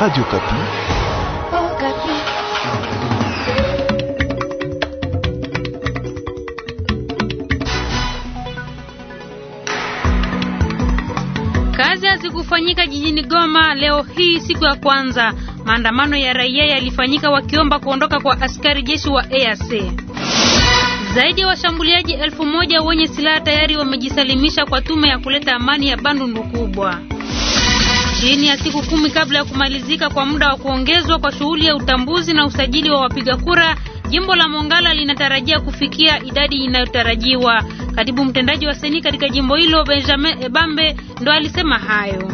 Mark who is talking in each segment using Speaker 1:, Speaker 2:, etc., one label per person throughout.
Speaker 1: Radio Kapi.
Speaker 2: Oh, Kapi.
Speaker 3: Kazi hazikufanyika jijini Goma leo hii siku ya kwanza. Maandamano ya raia yalifanyika wakiomba kuondoka kwa askari jeshi wa EAC. Zaidi ya wa washambuliaji elfu moja wenye silaha tayari wamejisalimisha kwa tume ya kuleta amani ya Bandundu kubwa. Chini ya siku kumi kabla ya kumalizika kwa muda wa kuongezwa kwa shughuli ya utambuzi na usajili wa wapiga kura, jimbo la Mongala linatarajia kufikia idadi inayotarajiwa. Katibu mtendaji wa seni katika jimbo hilo Benjamin Ebambe ndo alisema hayo.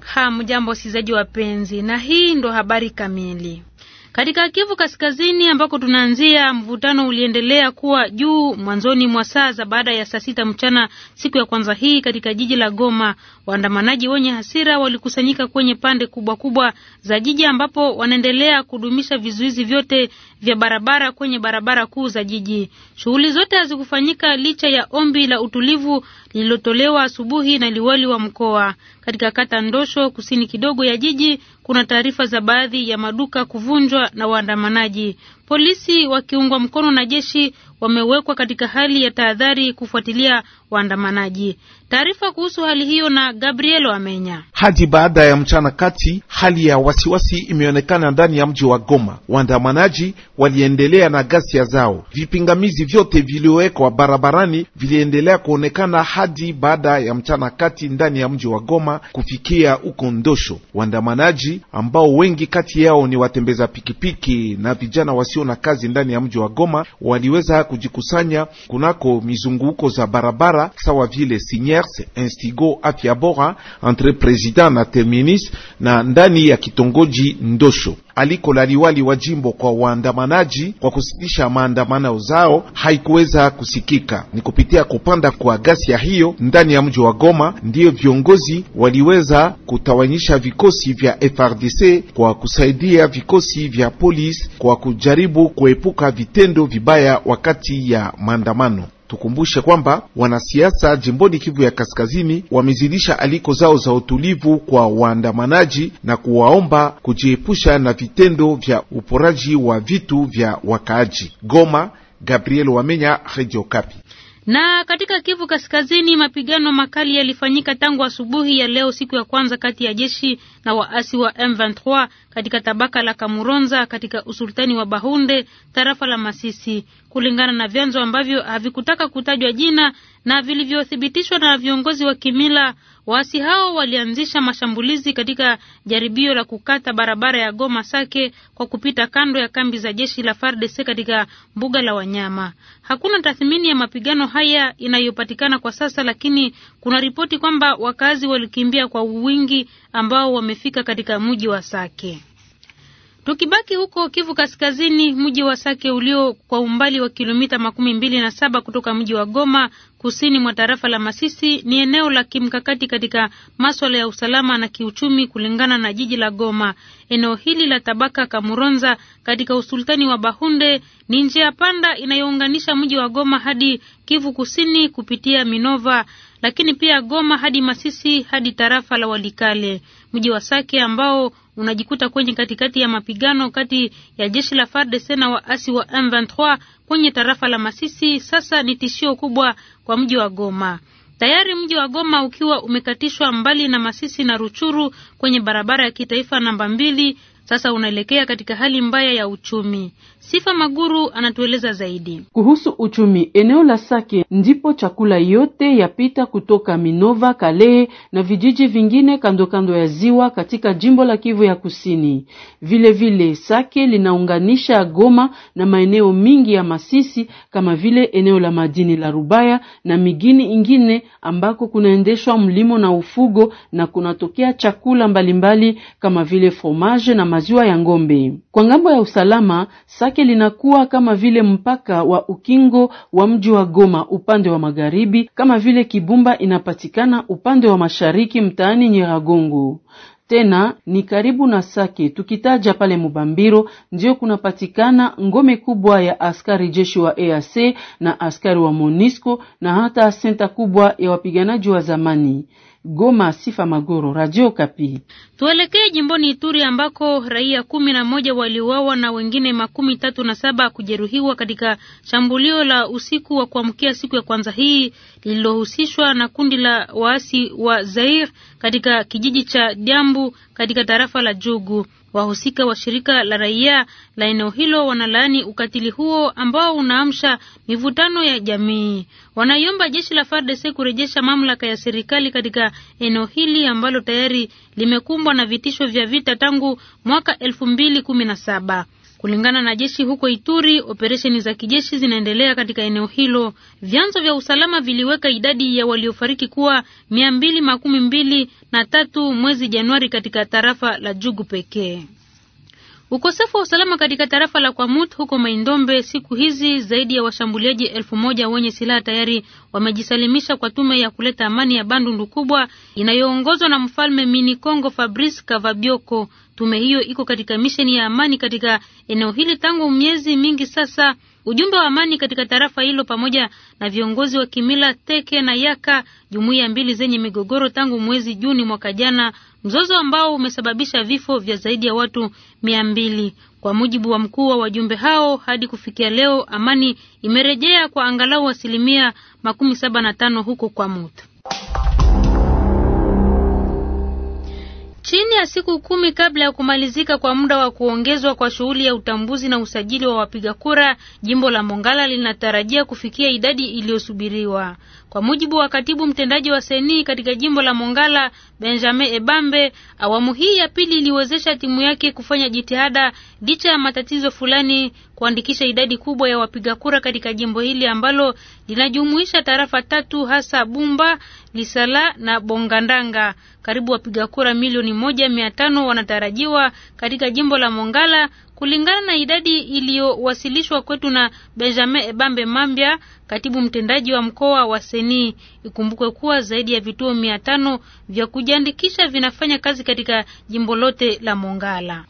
Speaker 3: Hamjambo wasikilizaji wapenzi, na hii ndo habari kamili. Katika Kivu Kaskazini ambako tunaanzia, mvutano uliendelea kuwa juu mwanzoni mwa saa za baada ya saa sita mchana siku ya kwanza hii katika jiji la Goma. Waandamanaji wenye hasira walikusanyika kwenye pande kubwa kubwa za jiji ambapo wanaendelea kudumisha vizuizi vyote vya barabara kwenye barabara kuu za jiji. Shughuli zote hazikufanyika licha ya ombi la utulivu lililotolewa asubuhi na liwali wa mkoa. Katika kata Ndosho, kusini kidogo ya jiji, kuna taarifa za baadhi ya maduka kuvunjwa na waandamanaji. Polisi wakiungwa mkono na jeshi wamewekwa katika hali ya tahadhari kufuatilia waandamanaji. Taarifa kuhusu hali hiyo na Gabriel Wamenya.
Speaker 1: Hadi baada ya mchana kati, hali ya wasiwasi imeonekana ndani ya mji wa Goma. Waandamanaji waliendelea na ghasia zao. Vipingamizi vyote viliowekwa barabarani viliendelea kuonekana hadi baada ya mchana kati ndani ya mji wa Goma kufikia uko Ndosho. Waandamanaji ambao wengi kati yao ni watembeza pikipiki na vijana wasio na kazi ndani ya mji wa Goma waliweza kujikusanya kunako mizunguko za barabara sawa vile sinye commerce Instigo Afya Bora entre president na Terminus na ndani ya kitongoji Ndoso. Aliko la liwali wa jimbo kwa waandamanaji kwa kusitisha maandamano zao haikuweza kusikika. Ni kupitia kupanda kwa ya hiyo ndani ya mji wa Goma ndiyo viongozi waliweza kutawanyisha vikosi vya FRDC kwa kusaidia vikosi vya polisi kwa kujaribu kuepuka vitendo vibaya wakati ya maandamano. Tukumbushe kwamba wanasiasa jimboni Kivu ya Kaskazini wamezidisha aliko zao za utulivu kwa waandamanaji na kuwaomba kujiepusha na vitendo vya uporaji wa vitu vya wakaaji. Goma, Gabriel Wamenya, Radio Kapi.
Speaker 3: Na katika Kivu Kaskazini, mapigano makali yalifanyika tangu asubuhi ya leo, siku ya kwanza, kati ya jeshi na waasi wa M23 katika tabaka la Kamuronza katika usultani wa Bahunde, tarafa la Masisi, kulingana na vyanzo ambavyo havikutaka kutajwa jina na vilivyothibitishwa na viongozi wa kimila. Waasi hao walianzisha mashambulizi katika jaribio la kukata barabara ya Goma Sake kwa kupita kando ya kambi za jeshi la FARDC katika mbuga la wanyama. Hakuna tathmini ya mapigano haya inayopatikana kwa sasa, lakini kuna ripoti kwamba wakazi walikimbia kwa wingi ambao wamefika katika mji wa Sake. Tukibaki huko Kivu Kaskazini, mji wa Sake ulio kwa umbali wa kilomita makumi mbili na saba kutoka mji wa Goma kusini mwa tarafa la Masisi ni eneo la kimkakati katika maswala ya usalama na kiuchumi kulingana na jiji la Goma. Eneo hili la tabaka Kamuronza katika usultani wa Bahunde ni njia panda inayounganisha mji wa Goma hadi Kivu Kusini kupitia Minova, lakini pia Goma hadi Masisi hadi tarafa la Walikale. Mji wa Sake ambao unajikuta kwenye katikati ya mapigano kati ya jeshi la FARDC na waasi wa M23 kwenye tarafa la Masisi sasa ni tishio kubwa kwa mji wa Goma. Tayari mji wa Goma ukiwa umekatishwa mbali na Masisi na Ruchuru kwenye barabara ya kitaifa namba mbili, sasa unaelekea katika hali mbaya ya uchumi. Sifa Maguru anatueleza zaidi
Speaker 4: kuhusu uchumi. Eneo la Sake ndipo chakula yote yapita kutoka Minova, Kalehe na vijiji vingine kando kando ya ziwa katika jimbo la Kivu ya Kusini. Vilevile vile, Sake linaunganisha Goma na maeneo mingi ya Masisi kama vile eneo la madini la Rubaya na migini ingine ambako kunaendeshwa mlimo na ufugo na kunatokea chakula mbalimbali mbali, kama vile fromage na maziwa ya ngombe. Kwa ngambo ya usalama Sake lake linakuwa kama vile mpaka wa ukingo wa mji wa Goma upande wa magharibi, kama vile Kibumba inapatikana upande wa mashariki mtaani Nyiragongo tena ni karibu na Sake. Tukitaja pale Mubambiro ndio kunapatikana ngome kubwa ya askari jeshi wa EAC na askari wa MONUSCO na hata senta kubwa ya wapiganaji wa zamani. Goma, Sifa Magoro, Radio Kapi.
Speaker 3: Tuelekee jimboni Ituri ambako raia kumi na moja waliuawa na wengine makumi tatu na saba kujeruhiwa katika shambulio la usiku wa kuamkia siku ya kwanza hii lililohusishwa na kundi la waasi wa Zair katika kijiji cha Diambu katika tarafa la Jugu. Wahusika wa shirika la raia la eneo hilo wanalaani ukatili huo ambao unaamsha mivutano ya jamii. Wanaiomba jeshi la FARDC kurejesha mamlaka ya serikali katika eneo hili ambalo tayari limekumbwa na vitisho vya vita tangu mwaka elfu mbili kumi na saba. Kulingana na jeshi huko Ituri, operesheni za kijeshi zinaendelea katika eneo hilo. Vyanzo vya usalama viliweka idadi ya waliofariki kuwa mia mbili makumi mbili na tatu mwezi Januari katika tarafa la Jugu pekee. Ukosefu wa usalama katika tarafa la Kwamut huko Maindombe siku hizi, zaidi ya washambuliaji elfu moja wenye silaha tayari wamejisalimisha kwa tume ya kuleta amani ya Bandundu kubwa inayoongozwa na mfalme Mini Kongo Fabrice Kavabioko. Tume hiyo iko katika misheni ya amani katika eneo hili tangu miezi mingi sasa, Ujumbe wa amani katika tarafa hilo pamoja na viongozi wa kimila Teke na Yaka, jumuiya mbili zenye migogoro tangu mwezi Juni mwaka jana, mzozo ambao umesababisha vifo vya zaidi ya watu mia mbili. Kwa mujibu wa mkuu wa wajumbe hao, hadi kufikia leo amani imerejea kwa angalau asilimia makumi saba na tano huko kwa Mutu. Chini ya siku kumi kabla ya kumalizika kwa muda wa kuongezwa kwa shughuli ya utambuzi na usajili wa wapiga kura, jimbo la Mongala linatarajia kufikia idadi iliyosubiriwa. Kwa mujibu wa katibu mtendaji wa Seni katika jimbo la Mongala, Benjamin Ebambe, awamu hii ya pili iliwezesha timu yake kufanya jitihada licha ya matatizo fulani kuandikisha idadi kubwa ya wapiga kura katika jimbo hili ambalo linajumuisha tarafa tatu hasa Bumba, Lisala na Bongandanga. Karibu wapiga kura milioni moja mia tano wanatarajiwa katika jimbo la Mongala kulingana na idadi iliyowasilishwa kwetu na Benjamin Ebambe Mambya, katibu mtendaji wa mkoa wa Seni. Ikumbukwe kuwa zaidi ya vituo mia tano vya kujiandikisha vinafanya kazi katika jimbo lote la Mongala.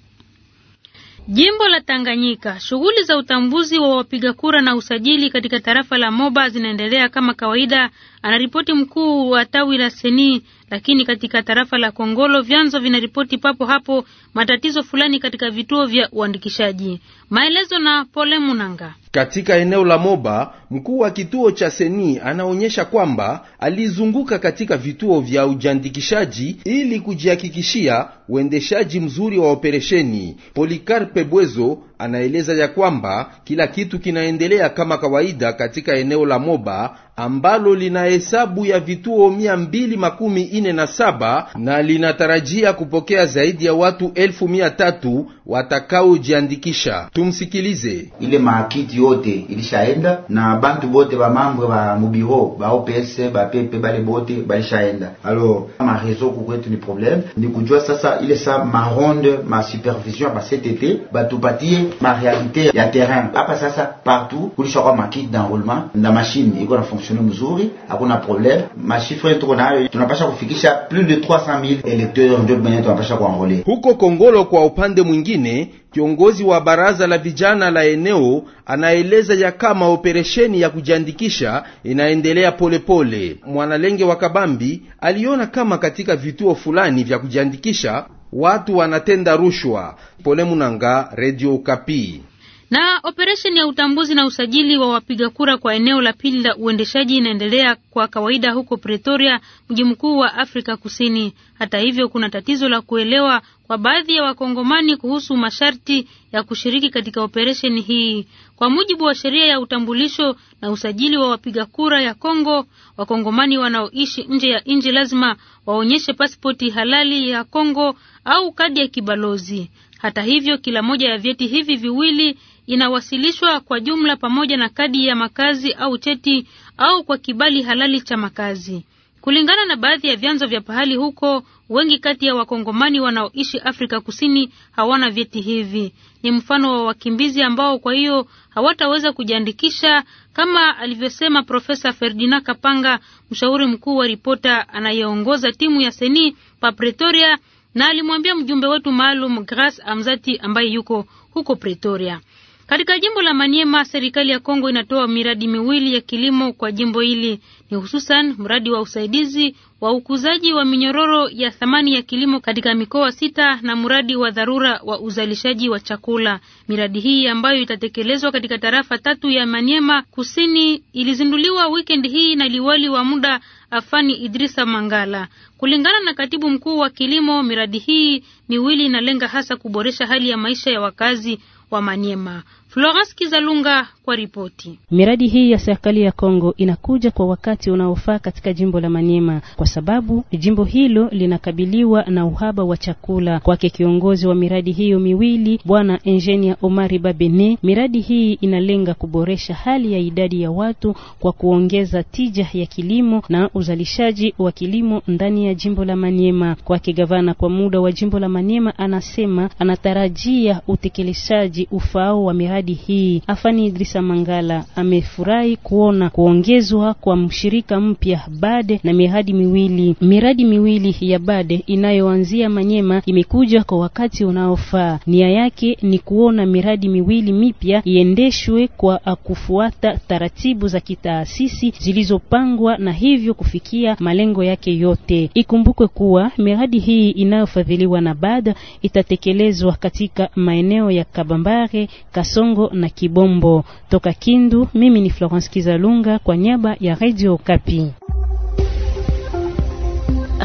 Speaker 3: Jimbo la Tanganyika, shughuli za utambuzi wa wapiga kura na usajili katika tarafa la Moba zinaendelea kama kawaida, anaripoti mkuu wa tawi la Seni. Lakini katika tarafa la Kongolo vyanzo vinaripoti papo hapo matatizo fulani katika vituo vya uandikishaji. Maelezo na Pole Munanga.
Speaker 5: Katika eneo la Moba, mkuu wa kituo cha Seni anaonyesha kwamba alizunguka katika vituo vya ujiandikishaji ili kujihakikishia uendeshaji mzuri wa operesheni. Polikarpe Bwezo anaeleza ya kwamba kila kitu kinaendelea kama kawaida katika eneo la Moba ambalo lina hesabu ya vituo mia mbili makumi ine na saba na linatarajia kupokea zaidi ya watu elfu mia tatu watakaojiandikisha. Tumsikilize. Ile maakiti yote ilishaenda na bantu bote ba mambo ba mubiro ba OPS ba pepe bale bote balishaenda. Alo marezo kukwetu ni probleme ni kujua sasa ile sa maronde ma supervision ba CTT batupatie ma realite ya terrain hapa sasa partout kulishakwa makiti d'enroulement na mashine iko na fonction functioning mzuri, hakuna probleme. Mashifre tuko nayo, tunapasha kufikisha plus de 300,000 electeurs ndio benye tunapasha kuanrole huko Kongolo. Kwa upande mwingine, kiongozi wa baraza la vijana la eneo anaeleza ya kama operesheni ya kujiandikisha inaendelea polepole. Mwanalenge wa Kabambi aliona kama katika vituo fulani vya kujiandikisha watu wanatenda rushwa. Pole Munanga, Radio Kapi.
Speaker 3: Na operesheni ya utambuzi na usajili wa wapiga kura kwa eneo la pili la uendeshaji inaendelea kwa kawaida huko Pretoria, mji mkuu wa Afrika Kusini. Hata hivyo, kuna tatizo la kuelewa kwa baadhi ya Wakongomani kuhusu masharti ya kushiriki katika operesheni hii. Kwa mujibu wa sheria ya utambulisho na usajili wa wapiga kura ya Kongo, Wakongomani wanaoishi nje ya nchi lazima waonyeshe pasipoti halali ya Kongo au kadi ya kibalozi. Hata hivyo, kila moja ya vyeti hivi viwili inawasilishwa kwa jumla pamoja na kadi ya makazi au cheti au kwa kibali halali cha makazi. Kulingana na baadhi ya vyanzo vya pahali huko, wengi kati ya wakongomani wanaoishi Afrika Kusini hawana vyeti hivi. Ni mfano wa wakimbizi ambao kwa hiyo hawataweza kujiandikisha, kama alivyosema Profesa Ferdinand Kapanga, mshauri mkuu wa ripota anayeongoza timu ya Seni pa Pretoria, na alimwambia mjumbe wetu maalum Grace Amzati ambaye yuko huko Pretoria. Katika jimbo la Maniema, serikali ya Kongo inatoa miradi miwili ya kilimo kwa jimbo hili, ni hususan mradi wa usaidizi wa ukuzaji wa minyororo ya thamani ya kilimo katika mikoa sita na mradi wa dharura wa uzalishaji wa chakula. Miradi hii ambayo itatekelezwa katika tarafa tatu ya Maniema Kusini ilizinduliwa weekend hii na liwali wa muda Afani Idrisa Mangala. Kulingana na katibu mkuu wa kilimo, miradi hii miwili inalenga hasa kuboresha hali ya maisha ya wakazi wa Maniema. Florence Kizalunga kwa ripoti.
Speaker 2: Miradi hii ya serikali ya Kongo inakuja kwa wakati unaofaa katika jimbo la manyema kwa sababu jimbo hilo linakabiliwa na uhaba wa chakula. Kwake kiongozi wa miradi hiyo miwili, Bwana Engineer Omari Babene, miradi hii inalenga kuboresha hali ya idadi ya watu kwa kuongeza tija ya kilimo na uzalishaji wa kilimo ndani ya jimbo la manyema Kwake gavana kwa muda wa jimbo la manyema anasema anatarajia utekelezaji ufao wa miradi ahadi hii. Afani Idrisa Mangala amefurahi kuona kuongezwa kwa mshirika mpya Bade na miradi miwili. Miradi miwili ya Bade inayoanzia Manyema imekuja kwa wakati unaofaa. Nia yake ni kuona miradi miwili mipya iendeshwe kwa kufuata taratibu za kitaasisi zilizopangwa na hivyo kufikia malengo yake yote. Ikumbukwe kuwa miradi hii inayofadhiliwa na Bade itatekelezwa katika maeneo ya Kabambare, Kasongo Kasongo na Kibombo. Toka Kindu, mimi ni Florence Kizalunga kwa niaba ya Radio Okapi.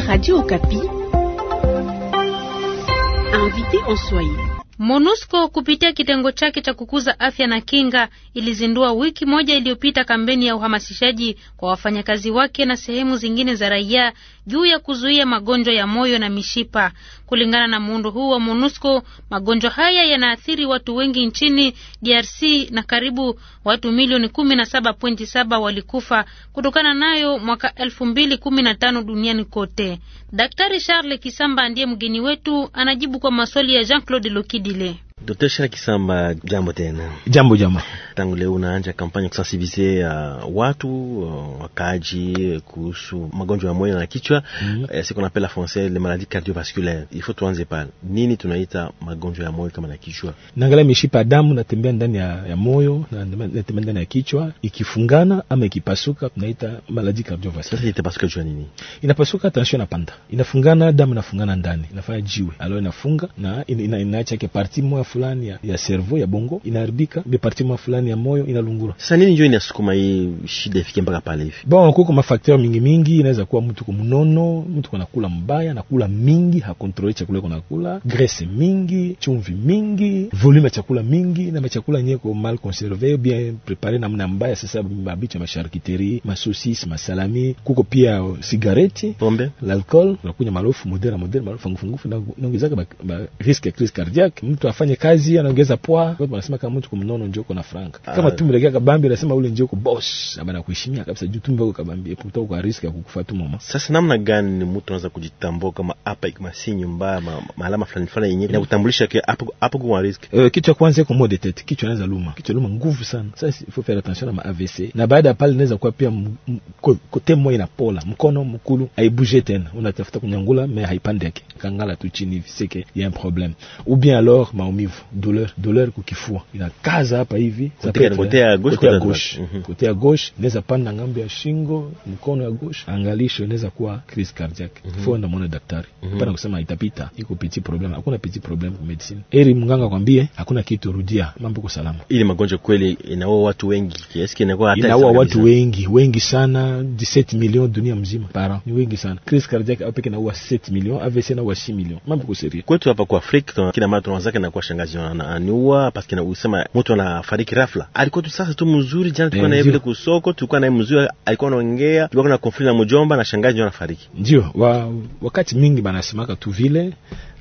Speaker 2: Radio Okapi. Invité en Swahili.
Speaker 3: MONUSCO kupitia kitengo chake cha kukuza afya na kinga ilizindua wiki moja iliyopita kampeni ya uhamasishaji kwa wafanyakazi wake na sehemu zingine za raia juu ya kuzuia magonjwa ya moyo na mishipa. Kulingana na muundo huu wa MONUSCO, magonjwa haya yanaathiri watu wengi nchini DRC na karibu watu milioni 17.7 walikufa kutokana nayo mwaka 2015 duniani kote. Daktari Charles Kisamba ndiye mgeni wetu, anajibu kwa maswali ya Jean-Claude Lokidi vile.
Speaker 6: Dr. Shira Kisamba, jambo tena. Jambo jambo tangu leo unaanja kampanya kusensibilize uh, watu uh, wakaji uh, kuhusu magonjwa ya moyo na kichwa mm -hmm. uh, siku napela français les maladies cardiovasculaires. Ifo tuanze pale, nini tunaita magonjwa ya moyo kama na kichwa?
Speaker 7: Naangalia mishipa damu natembea ndani ya, ya moyo na natembea ndani ya kichwa, ikifungana ama ikipasuka tunaita maladies sasa Itapasuka kwa nini? Inapasuka tension na panda, inafungana damu inafungana ndani, inafanya jiwe alo, inafunga na inaacha ina, ina, ina, ke partie ina, moja fulani ya, ya cerveau ya bongo inaharibika, be partie moja fulani ndani ya moyo inalungula. Sasa nini ndio inasukuma hii shida ifike mpaka pale hivi? Bon, kuko mafakteri mingi mingi, inaweza kuwa mtu kumnono, mtu kunakula mbaya, nakula mingi, hakontrole chakula kunakula, graisse mingi, chumvi mingi, volume ya chakula mingi, na chakula yenyewe ko mal conserve bien préparé namna mbaya. Sasa mabicha masharkiteri, masosis, masalami, kuko pia sigareti, pombe, l'alcool, unakunywa marofu modera modera, marofu ngufungufu, na ongeza ba, ba risk ya crise cardiaque. Mtu afanye kazi anaongeza poa, wanasema kama mtu kumnono njoko na frank Yanga kama ah. timu ile kabambi nasema ule njoko boss na kuheshimia kabisa juu timu yako kabambi eputa kwa risk ya kukufa tu
Speaker 6: mama. Sasa namna gani ni mtu anaweza kujitambua kama hapa kama si nyumba mahalama fulani fulani yenyewe na kutambulisha kwa hapo hapo kwa risk.
Speaker 7: Eh, kitu cha kwanza iko mode tete, kichwa anaweza luma, kichwa luma nguvu sana. Sasa il faut faire attention na ma AVC. Na baada ya pale inaweza kuwa pia kote moyo inapola, mkono mkulu haibuje tena, unatafuta kunyangula mais haipandeke, kangala tu chini hivi sike, il y a un problème ou bien alors maumivu, douleur, douleur kukifua inakaza hapa hivi kote ya gauche inaweza panda ngambo ya shingo, mkono ya gauche, angalisho inaweza kuwa crise cardiaque. Faut enda mwone daktari pana kusema itapita, iko petit problème. Hakuna petit
Speaker 6: problème kwa medicine,
Speaker 7: eri mganga kwambie hakuna kitu, rudia mambo
Speaker 6: kwa salama. Ile magonjwa kweli inaua watu wengi kiasi kinakuwa hata inaua watu wengi
Speaker 7: wengi sana, 17 millions dunia mzima para ni wengi sana. Crise cardiaque au peke inaua 7 millions,
Speaker 6: AVC inaua 6 millions. Mambo kwa serious kwetu hapa kwa Afrika, kina mara tunawazaka na kwa shangazi wananiua, parce que na usema mtu anafariki rafu ghafla. Alikuwa tu sasa tu mzuri, jana tulikuwa eh, naye vile kusoko, tulikuwa naye mzuri, alikuwa anaongea, tulikuwa na konflikti na mjomba na shangazi, ndio anafariki.
Speaker 7: Ndio wa, wakati mingi banasemaka tu vile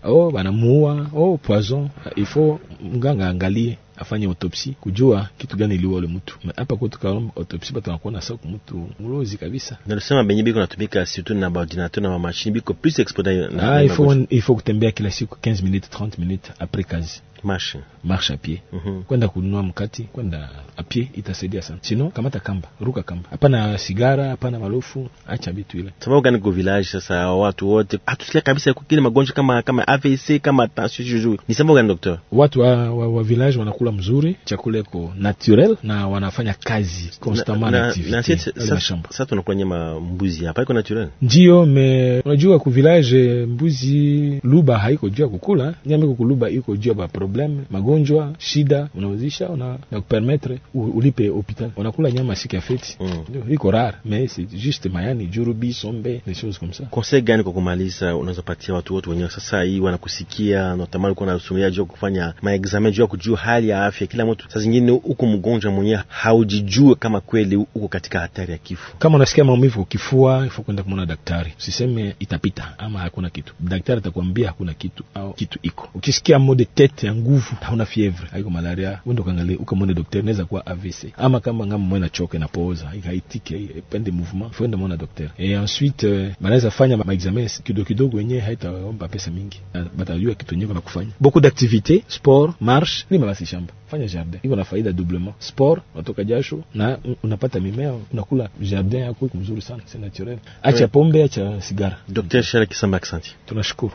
Speaker 7: oh, banamuua oh, poison. Il faut mganga angalie afanye autopsi kujua kitu gani iliua ule mtu.
Speaker 6: Hapa kwetu kama autopsi batu wanakuwa na saku mtu mlozi kabisa, na tusema benye biko natumika situ na ordinateur na ma machine biko plus exposé na ah, il faut
Speaker 7: il faut kutembea kila siku 15 minutes 30 minutes après kazi marche marche à pied mm -hmm. kwenda kununua mkati kwenda à pied itasaidia sana, sino kamata kamba, ruka kamba, hapana sigara, hapana malofu, acha vitu ile.
Speaker 6: Sababu gani kwa village sasa watu wote atusikia kabisa kile magonjwa kama kama AVC kama tension juju. Nisema gani daktari?
Speaker 7: Watu wa, wa, wa village wanakula mzuri, chakula iko naturel na
Speaker 6: wanafanya kazi constamment active. Na na, sasa tunakula nyama mbuzi hapa iko naturel.
Speaker 7: Ndio, me unajua ku village mbuzi luba haiko jua kukula, nyama iko kuluba iko jua ba problem, magonjwa, shida unawezisha una na kupermettre ulipe hospital. Wanakula nyama siku ya feti. Mm. Ndio, iko rare mais c'est juste mayani, jurubi, sombe, des choses comme ça.
Speaker 6: Conseil gani kwa kumaliza unaweza patia watu wote wenyewe sasa hii wanakusikia, natamani kuwa nasomea juu ya kufanya maexamen juu ya kujua hali ya afya kila mtu. Saa zingine uko mgonjwa mwenyewe haujijue kama kweli uko katika hatari ya kifo.
Speaker 7: Kama unasikia maumivu
Speaker 6: kifua, ifo kwenda kumwona
Speaker 7: daktari, usiseme itapita ama hakuna kitu. Daktari atakwambia hakuna kitu au kitu iko. Ukisikia mo de tete ya nguvu, hauna fievre, haiko malaria, wende ukaangalia ukamwone daktari, naweza kuwa AVC ama kama ngama mwana na poza haitike pende mouvement, fuende mwona daktari. E ensuite manaweza euh, fanya maexamen kidogo kidogo, wenyewe haitaomba pesa mingi batajua kitu nyewe na kufanya beaucoup d'activité sport marche ni mabasi shamba fanya jardin iko na faida doublement sport unatoka jasho na unapata mimea unakula jardin yako iko mzuri sana c'est naturel acha
Speaker 6: pombe acha sigara Dr. Shara Kisamba asante tunashukuru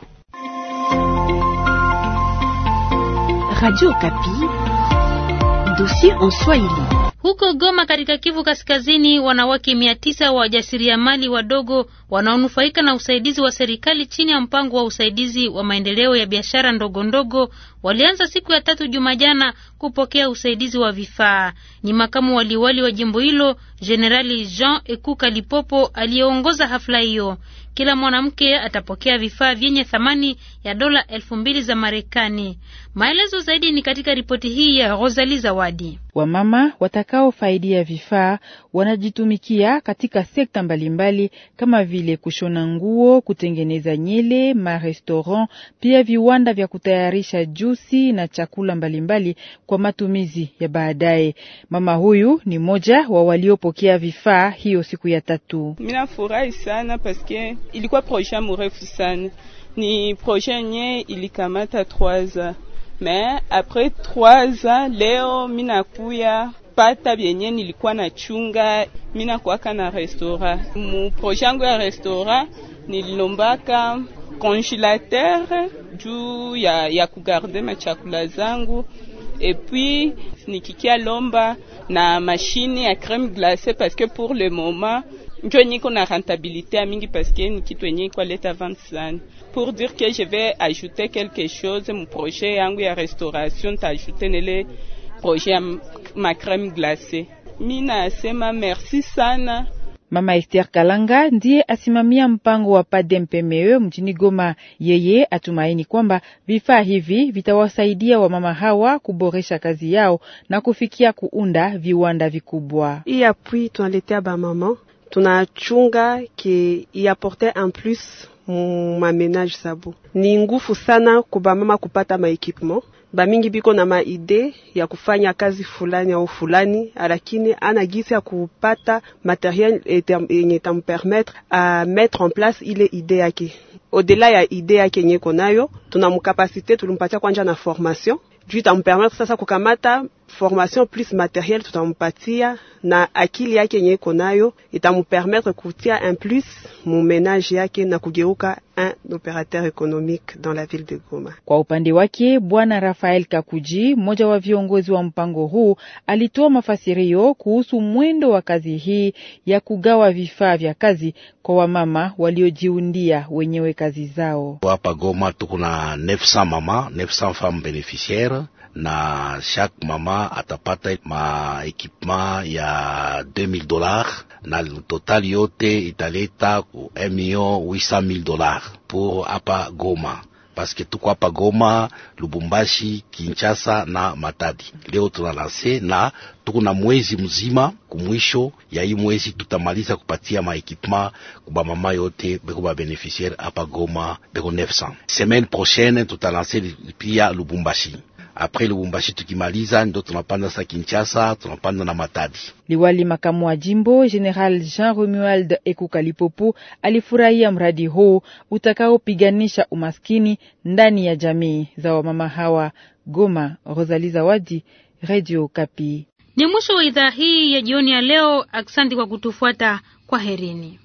Speaker 2: Radio Kapi dossier en Swahili
Speaker 3: huko Goma katika Kivu Kaskazini, wanawake mia tisa wa wajasiriamali wadogo wanaonufaika na usaidizi wa serikali chini ya mpango wa usaidizi wa maendeleo ya biashara ndogo ndogo walianza siku ya tatu Jumajana kupokea usaidizi wa vifaa. Ni makamu waliwali wa jimbo hilo Jenerali Jean Ekuka Lipopo aliyeongoza hafla hiyo. Kila mwanamke atapokea vifaa vyenye thamani ya dola elfu mbili za Marekani. Maelezo zaidi ni katika ripoti hii ya Rosali Zawadi.
Speaker 8: Wamama watakaofaidia vifaa wanajitumikia katika sekta mbalimbali kama vile kushona nguo, kutengeneza nyele, marestaurant, pia viwanda vya kutayarisha jusi na chakula mbalimbali kwa matumizi ya baadaye. Mama huyu ni mmoja wa waliopokea vifaa hiyo siku ya tatu.
Speaker 4: Minafurahi sana paske ilikuwa proje mrefu sana, ni proje nye ilikamata 3 ans me apres trois ans leo minakuya pata byenye nilikuwa chunga minakuwaka na restora. Mu proje yangu ya restora nililombaka congelateur juu ya, ya kugarde machakula zangu epuis nikikia lomba na mashine ya creme glace parce que pour le moment njo niko na rentabilité mingi paske ni kitu yenye ikwaleta vente sana. Pour dire que je vais ajouter quelque chose mu projet yangu ya restauration, nitaajute nele projet ya macreme glacée. Mi nasema merci sana.
Speaker 8: Mama Esther Kalanga ndiye asimamia mpango wa Padempemewe mjini Goma. Yeye atumaini kwamba vifaa hivi vitawasaidia wamama hawa kuboresha kazi yao na kufikia kuunda viwanda vikubwa. Hii apui tunaletea bamama tunachunga apportait en plus ménage sabo. Ni ngufu sana kubamama kupata maekipement bamingi biko na maide ya kufanya kazi fulani au fulani, lakini ana gisi ya kupata materiel yenye permettre a mettre en place ile ide yake. Odela ya ide yake yenye konayo, tunamkapasite tulimpatia kwanja na formation juu itampermettre sasa kukamata formation plus materiel tutampatia na akili yake yenye iko nayo itampermettre kutia un plus mu yake na kugeuka un operateur économique dans la ville de Goma. Kwa upande wake Bwana Rafael Kakuji, mmoja wa viongozi wa mpango huu, alitoa mafasirio kuhusu mwendo wa kazi hii ya kugawa vifaa vya kazi kwa wamama waliojiundia wenyewe kazi zao.
Speaker 5: Hapa Goma tuko na 900 mama 900 femmes beneficiaires na chaque mama atapata maekipema ya 2000 dollars na total yote italeta ku 1 million 800 mille pour apa Goma paske tuko apa Goma, Lubumbashi, Kinshasa na Matadi. Leo tuna na tuko na mwezi mzima, kumwisho ya hii mwezi tutamaliza kupatia maekipema kuba mama yote beko ba beneficiaire hapa Goma beko 900. Semaine prochaine tutalanse pia Lubumbashi. April Lubumbashi, tukimaliza ndo tunapanda sa Kinshasa, tunapanda na Matadi.
Speaker 8: Liwali makamu wa jimbo General Jean Romuald Ekukalipopo alifurahia mradi huu utakaopiganisha umaskini ndani ya jamii za wamama hawa. Goma, rosali Zawadi, Radio Kapi.
Speaker 3: Ni mwisho wa idhaa hii ya jioni ya leo. Asante kwa kutufuata, kwa herini.